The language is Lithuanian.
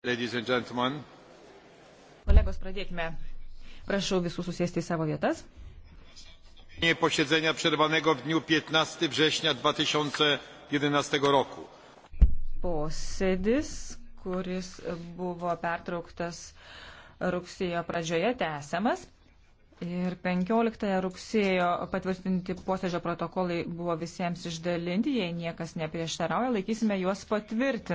Kolegos, pradėkime. Prašau visus susėsti į savo vietas. Posiedzenia przerwanego w dniu 15 września 2011 roku. Posėdis, kuris buvo pertrauktas rugsėjo pradžioje, tęsiamas. Ir 15 rugsėjo patvirtinti posėdžio protokolai buvo visiems išdalinti, jei niekas neprieštarauja, laikysime juos patvirtinti.